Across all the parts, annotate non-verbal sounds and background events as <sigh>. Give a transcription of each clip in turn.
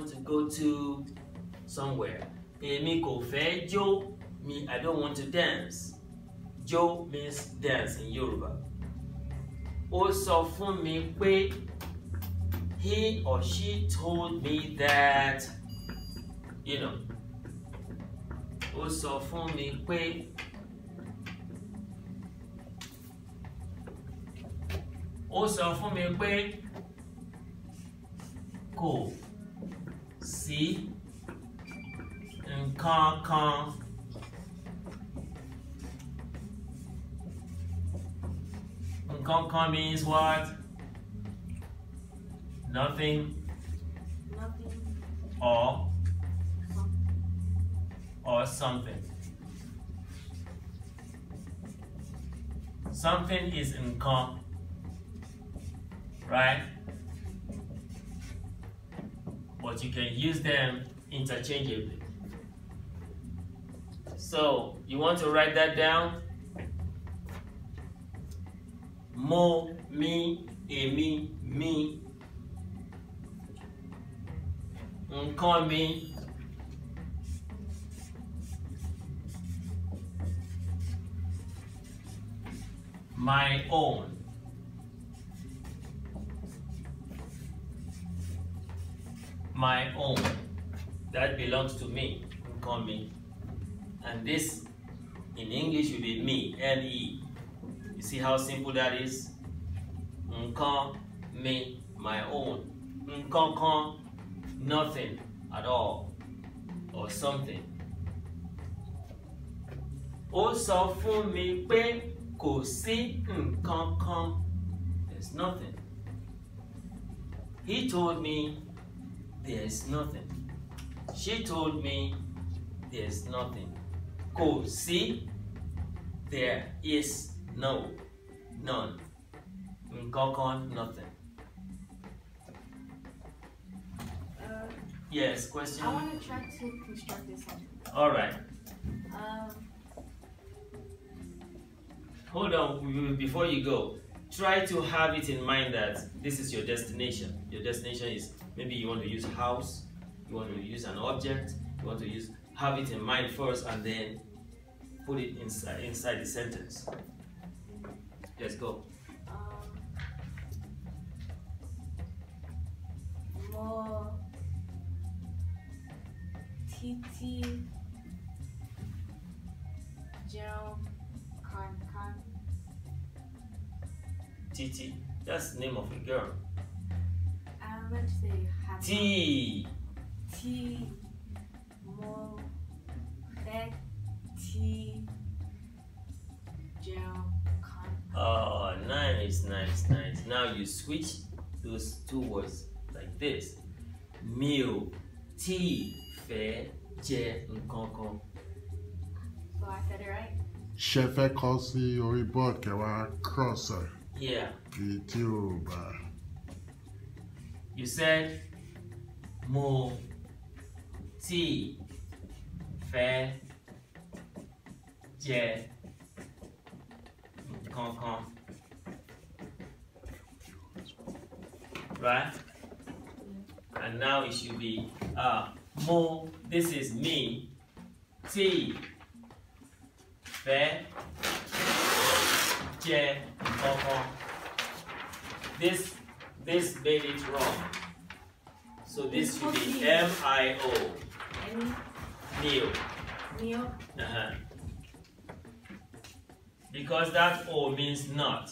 want to go to somewhere. Èmi kò fẹ́ jó. Me, I don't want to dance. Jó means dance in Yoruba. Ó sọ fún mi pé he or she told me that, you know. Ó sọ fún mi pé. Ó sọ fún mi pé kò. Cool. C and con con con means what? Nothing. Nothing. Or. Or something. Something is in con. Right? but you can use them interchangeably. So you want to write that down? Mo, mi, èmi, mi. Call me. My own. my own. That belongs to me. You call me. And this in English will be me, M-E. You see how simple that is? Nkan, me, my own. Nkan, nothing at all or something. also for me There's nothing. He told me there's nothing. She told me there's nothing. Go see, there is no, none. Nkokon, nothing. Uh, yes, question? I want to try to construct this sentence. All right. Um, Hold on, before you go, try to have it in mind that this is your destination. Your destination is Maybe you want to use house, you want to use an object, you want to use have it in mind first and then put it inside inside the sentence. Let's go. Um, more Titi Jerome Khan Khan. Titi, that's the name of a girl let's say Hannah. T. T. Mo. T. Gel. Oh, nice, nice, nice. Now you switch those two words like this. Meal, tea, fair, je, So I said it right? Chefe kosi oribot kewa crosser. Yeah. YouTube. You said mo ti fẹ́ jẹ nǹkan kan. Right? And now it should be uh, mo, this is me, ti fẹ́ jẹ nǹkan kan. This This made it wrong. So this should be M-I-O. Neo. Neo. Uh -huh. Because that O means not.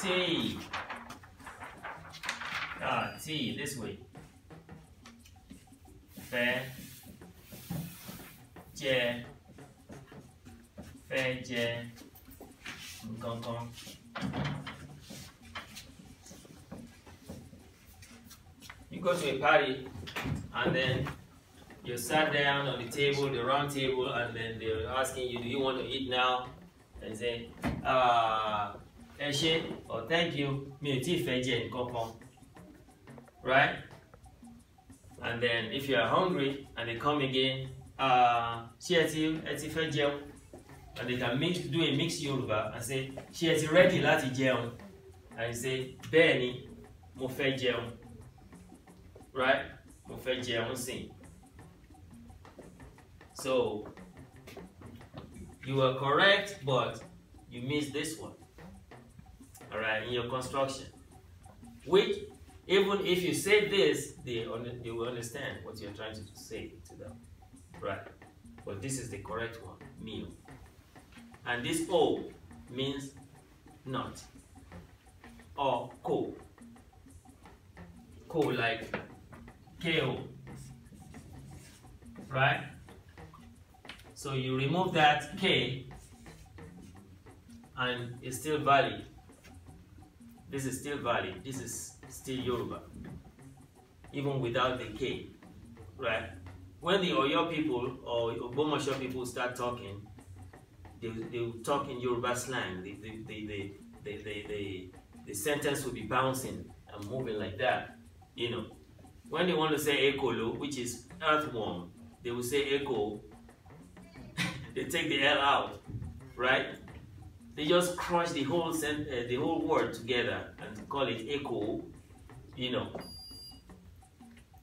T. Ah, T, this way. Fe. Je. Fe, je. nǹkan You go to a party and then you sat down on the table, the round table, and then they're asking you, do you want to eat now? And say, uh, ẹ or oh, thank you, me ò tí ì fẹ́ Right? And then if you are hungry and they come again, uh, ṣé ẹ ti and they can mix, do a mix Yorùbá and say she is ready láti jẹun and say Benny, mo fẹ́ jẹun right mo fẹ́ jẹun sìn so you are correct but you miss this one all right in your construction which even if you say this they they will understand what you're trying to say to them right but this is the correct one meal and this O means not. Or co. Co like KO. Right? So you remove that K and it's still valid. This is still valid. This is still Yoruba. Even without the K. Right? When the Oyo people or Obomoshio people start talking, they, they will talk in Yoruba slang. The, the, the, the, the, the, the sentence will be bouncing and moving like that, you know. When they want to say ekolo, which is earthworm, they will say echo. <laughs> they take the L out, right? They just crush the whole sen uh, the whole word together and call it echo, you know.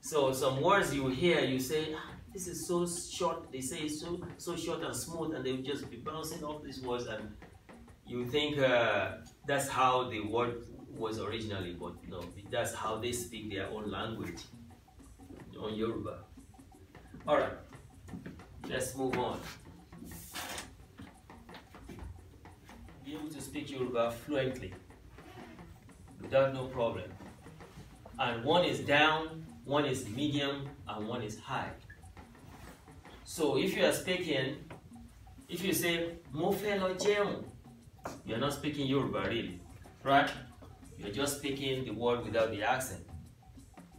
So some words you hear, you say, ah, this is so short, they say so, so short and smooth, and they will just be bouncing off these words, and you think uh, that's how the word was originally, but no, that's how they speak their own language on Yoruba. All right, let's move on. Be able to speak Yoruba fluently without no problem. And one is down, one is medium, and one is high. So if you are speaking, if you say Mofelo Jeun, you're not speaking Yoruba really, right? You're just speaking the word without the accent.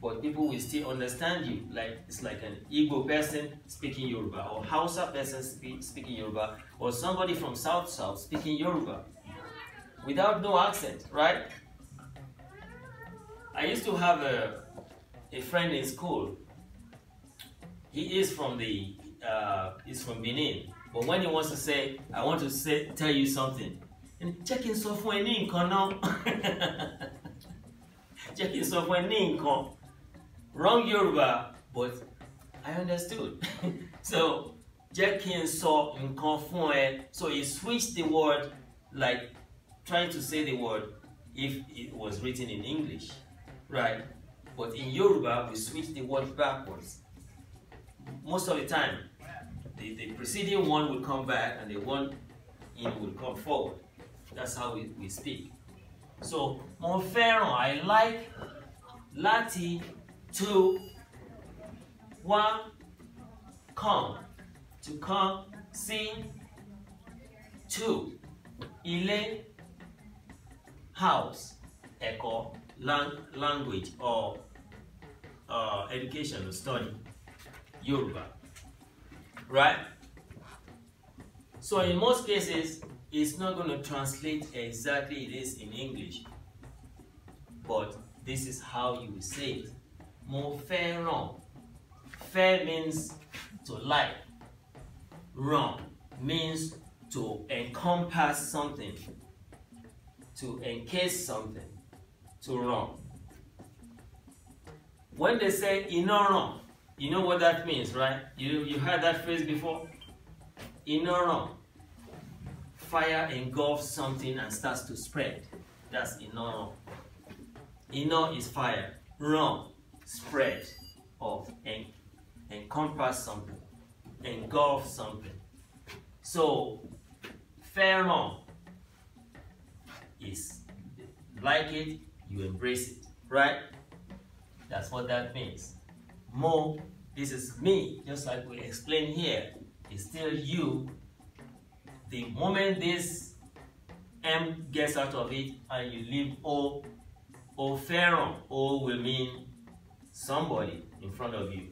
But people will still understand you. Like it's like an Igbo person speaking Yoruba, or Hausa person spe speaking Yoruba, or somebody from South South speaking Yoruba, without no accent, right? I used to have a a friend in school. He is from the uh, is from Benin. But when he wants to say, I want to say, tell you something, and software in so checking software in so Wrong Yoruba, but I understood. <laughs> so, checking software, sọ so he switched the word like trying to say the word if it was written in English right but in Yoruba we switch the word backwards most of the time the, the preceding one will come back and the one in will come forward. That's how we, we speak. So, mo fẹ́ràn I like Lati to one come to come sing to ilé house Echo lang language or uh, education or study Yoruba. right? So in most cases, it's not going to translate exactly this in English, but this is how you say it. Mo fair wrong. Fair means to like. Wrong means to encompass something, to encase something, to wrong. When they say iná wrong. You know what that means, right? You, you heard that phrase before? Inono. Fire engulfs something and starts to spread. That's inono. Ino is fire. Ron, spread or en encompass something, engulf something. So, pheron is like it, you embrace it, right? That's what that means more, this is me, just like we explained here, it's still you. The moment this M gets out of it and you leave O, O pharaoh, O will mean somebody in front of you,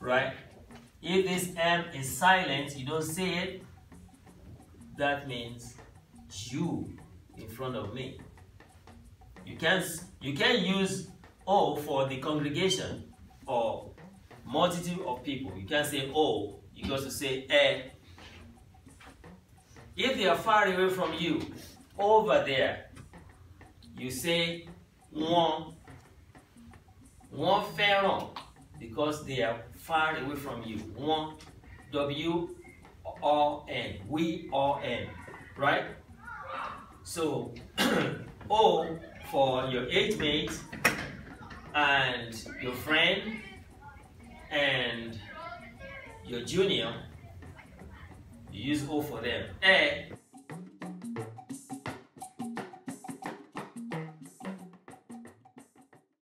right? If this M is silent, you don't say it, that means you in front of me. You can not you can not use O for the congregation, for multitude of people. You can't say oh, you got to say eh. If they are far away from you, over there, you say one, one pharaoh, because they are far away from you. One, W O N, we O N, right? So, O <clears throat> oh, for your eight mates, and your friend and your junior, you use O for them. A eh,